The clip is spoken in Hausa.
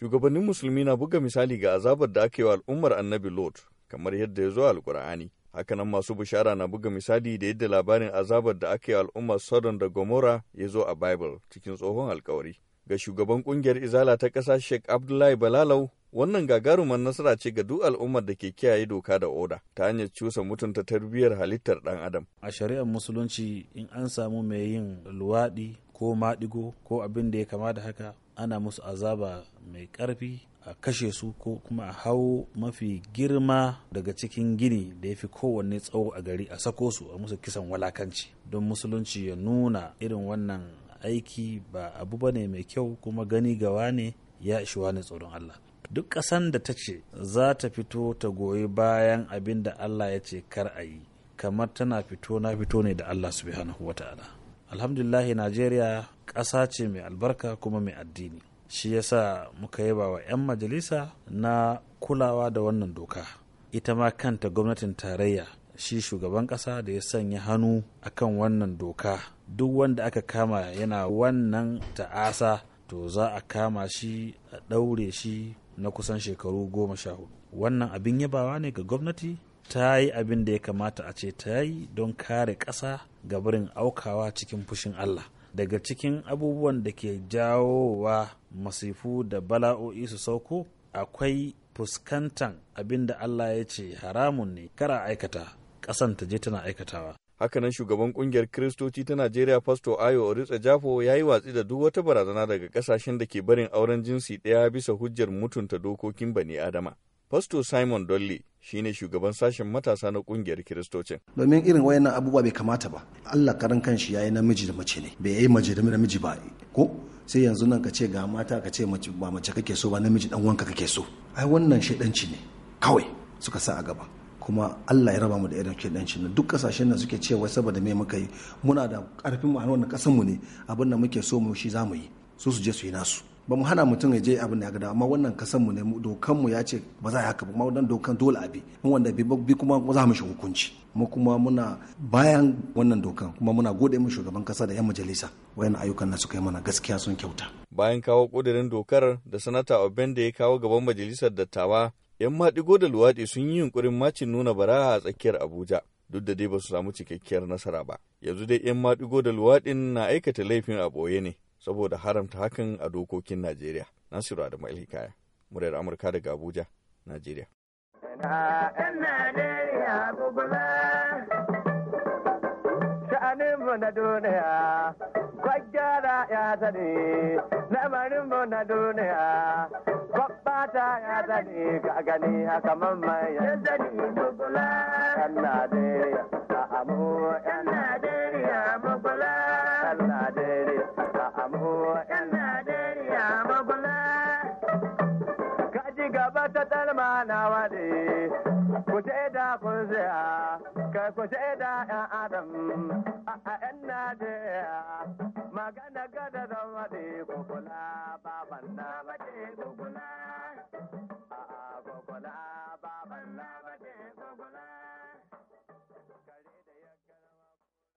Shugabannin musulmi na buga misali ga azabar da aka yi wa al'ummar annabi Lot, kamar yadda ya zo a Alƙur'ani. Hakanan masu bishara na buga misali da yadda labarin azabar da aka yi al'ummar Sodom da Gomora ya zo a Bible cikin tsohon alkawari. Ga shugaban ƙungiyar Izala ta ƙasa Sheikh Abdullahi Balalau, wannan gagarumar nasara ce ga duk al'ummar da ke kiyaye doka da oda ta hanyar cusa mutunta tarbiyyar halittar dan adam a shari'ar musulunci in an samu mai yin luwaɗi ko maɗigo ko abin da ya kama da haka ana musu azaba mai ƙarfi a kashe su ko kuma a hau mafi girma daga cikin gini da ya fi kowanne tsawo a gari a sako su a musu kisan walakanci don musulunci ya nuna irin wannan aiki ba abu ba ne mai kyau kuma gani gawa ne ya ishi wani tsoron Allah duk ƙasan da ta ce za ta fito ta goyi bayan abin da Allah ya ce kar a yi kamar tana fito na fito ne da Allah subhanahu wa ta'ala alhamdulillahi najeriya ƙasa ce mai albarka kuma mai addini shi yasa muka yaba wa 'yan majalisa na kulawa da wannan doka ita ma kanta gwamnatin tarayya shi shugaban ƙasa da ya sanya hannu akan wannan doka duk wanda aka kama yana wannan ta'asa to za a kama shi a ɗaure shi na kusan shekaru goma sha hudu wannan abin yabawa ne ga gwamnati ta yi abin da ya kamata a ce ta yi don kare ƙasa ga barin aukawa cikin fushin Allah. Daga cikin abubuwan da ke jawowa masifu da bala'o'i su sauko akwai fuskantan abin da Allah ya ce haramun ne kara aikata ƙasan ta je tana aikatawa. Hakanan shugaban kungiyar Kiristoci ta Najeriya Fasto Ayo Oritsa Jafo ya yi watsi da duk wata barazana daga kasashen da ke barin auren jinsi ɗaya bisa hujjar mutunta dokokin bani Adama. Fasto Simon Dolly ne shugaban sashen matasa na kungiyar kiristocin. Domin irin wayannan abubuwa bai kamata ba. Allah karan kanshi ya yi namiji da mace ne. Bai yi mace da namiji ba. Ko sai yanzu nan ka ce ga mata ka ce mace ba mace kake so ba namiji dan wanka kake so. Ai wannan shedanci ne. Kawai suka sa a gaba. kuma Allah ya raba mu da irin shedancin nan duk kasashen nan suke cewa saboda me muka yi muna da karfin mu a wannan kasan mu ne abin da muke so mu shi zamu yi su su je su yi nasu ba mu hana mutum ya je abin da ya gada amma wannan kasan mu ne dokan mu ya ce ba za a haka ba amma wannan dokan dole a bi in wanda bi kuma za mu shi hukunci mu kuma muna bayan wannan dokan kuma muna gode mu shugaban kasa da yan majalisa wayan ayyukan na suka yi mana gaskiya sun kyauta bayan kawo kudirin dokar da sanata da ya kawo gaban majalisar dattawa yan maɗigo da luwaɗi sun yi yunkurin macin nuna bara'a a tsakiyar Abuja duk da dai ba su samu cikakkiyar nasara ba yanzu dai yan maɗigo da luwaɗin na aikata laifin a ɓoye ne saboda haramta hakan a dokokin Najeriya. Nasiru Adamu Alhikaya, muryar Amurka daga Abuja, Najeriya. na ya zane, na duniya, kwabbata ya ga gani haka ya matar ma na waɗe, ku da kun tsaya, kai ku da ‘yan Adam, a ‘yan Najeriya, magana gada don waɗe, kukula baban na waɗe, kukula, a kukula.